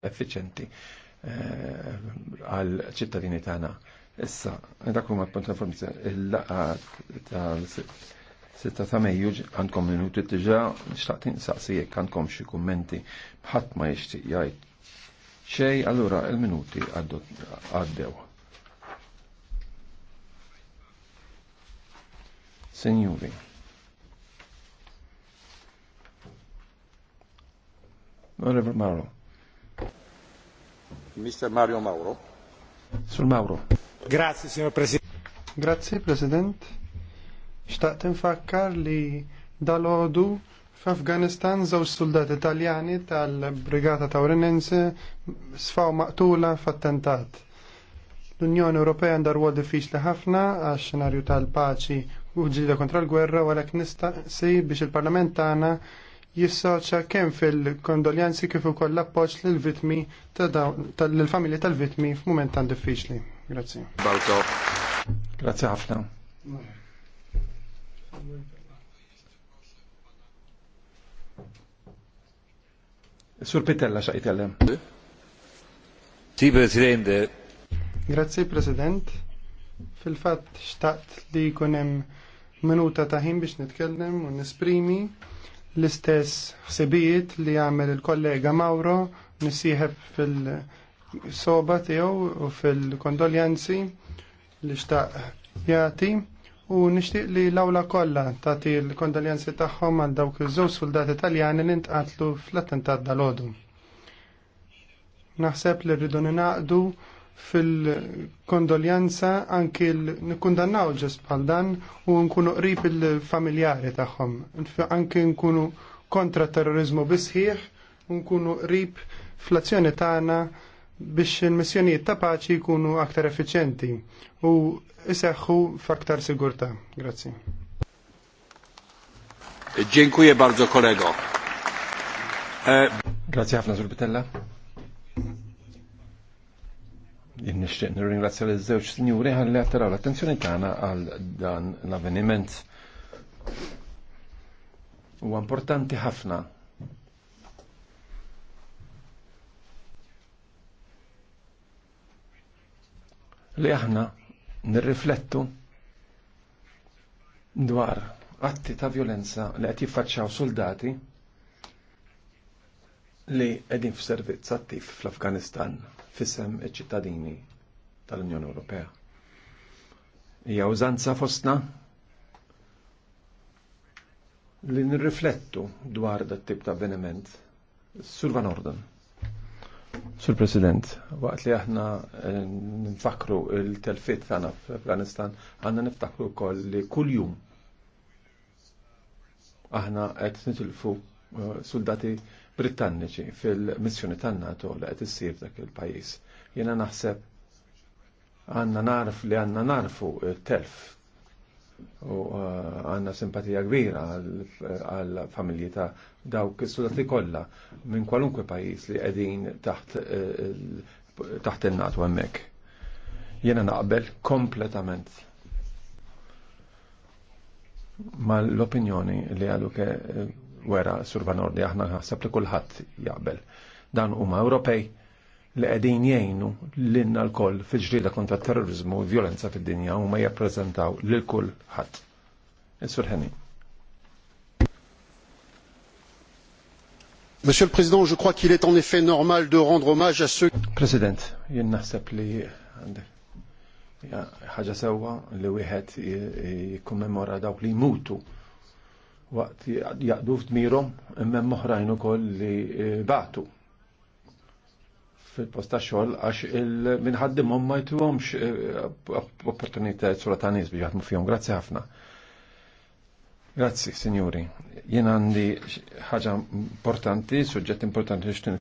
effiċenti eh, għal ċittadini tagħna. Issa, dak huma punt informazzjoni il-laqa ta' sitta ta' Mejju għandkom minuti diġà nixtaq tinsaqsi jekk għandkom xi kummenti bħadd ma jixtieq jgħid. Xej allura il-minuti għaddew. Senjuri. Onorevole Marlow. Mr. Mario Mauro. Sur Mauro. Grazie, signor Presidente. Grazie, President. Xtaqt infakkar li dal-ħodu f'Afganistan żewġ soldati italjani tal-Brigata Tawrenense sfaw maqtula f'attentat. L-Unjoni Ewropea għandha rwol diffiċli ħafna għax xenarju tal-paċi u ġlida kontra l-gwerra, għalhekk nista' biex il-Parlament tagħna jissoċa kemm fil-kondoljanzi kif ukoll l-appoġġ lill-vitmi lill-familji tal-vitmi f'mument tan diffiċli. Grazzi. Balko. Grazzi ħafna. Sur Pitella xa jitellem. Si, Presidente. Grazzi President. Fil-fatt xtaqt li jkun hemm minuta ta' ħin biex nitkellem u nisprimi l-istess ħsibijiet li għamel il-kollega Mauro nisieħeb fil-soba tiegħu u fil-kondoljanzi li xtaq jagħti u nixtieq li l-awla kollha tagħti l-kondoljanzi tagħhom għal dawk iż-żewġ soldati Taljani li ntqatlu fl-attentat dal-għodu. Naħseb li rridu ninaqdu fil-kondoljanza anki nikkundannaw ġes bħal dan u nkunu qrib il-familjari tagħhom. Anki nkunu kontra terrorizmu bisħiħ u nkunu qrib fl-azzjoni tagħna biex il-missjonijiet ta' paċi jkunu aktar effiċenti u iseħħu f'aktar sigurtà. Grazzi. Dziękuję bardzo kolego. E- Grazie ħafna Zurbitella. Nixtieq nirringrazzja l żewġ sinjuri ħalli attiraw l-attenzjoni tagħna għal dan l-avveniment. Huwa importanti ħafna li aħna nirriflettu dwar atti ta' violenza li qed jiffaċċjaw soldati li qegħdin f'servizz attiv fl-Afganistan fissem iċ-ċittadini tal-Unjoni Ewropea. Hija użanza fostna li nirriflettu dwar dat tip ta' avveniment. Sur Van Orden. Sur President, waqt li aħna eh, nfakru il-telfit tagħna f'Afganistan, għandna niftakru wkoll li kuljum aħna qed nitilfu eh, soldati Britanniċi fil-missjoni tan to li qed issir dak il-pajjiż. Jiena naħseb għandna narf li għandna narfu telf u uh, għandna simpatija kbira għal familji ta' dawk is is-sudati kollha minn kwalunkwe pajjiż li qegħdin taħt uh, taħt in nato hemmhekk. Jiena naqbel kompletament mal-opinjoni li għaluke wera Sur Van aħna ħassab li kulħadd jaqbel. Dan huma Ewropej li qegħdin jgħinu l-inna l-koll fil-ġrida kontra terrorizmu u violenza fid-dinja u ma jappreżentaw lil kulħadd. Is-Sur Monsieur le Président, je crois qu'il est en effet normal de rendre hommage à ceux President, jien naħseb li ħaġa sewwa li wieħed jikkommemora dawk li jmutu waqt jaqdu f'dmirhom imma moħrajn ukoll li eh, batu fil-post ta' xogħol għax il-minħaddimhom ma jtuhomx eh, opportunitajiet sura ta' nies biex jaħdmu fihom. Grazzi ħafna. Grazzi, sinjuri. Jien għandi ħaġa importanti, suġġett importanti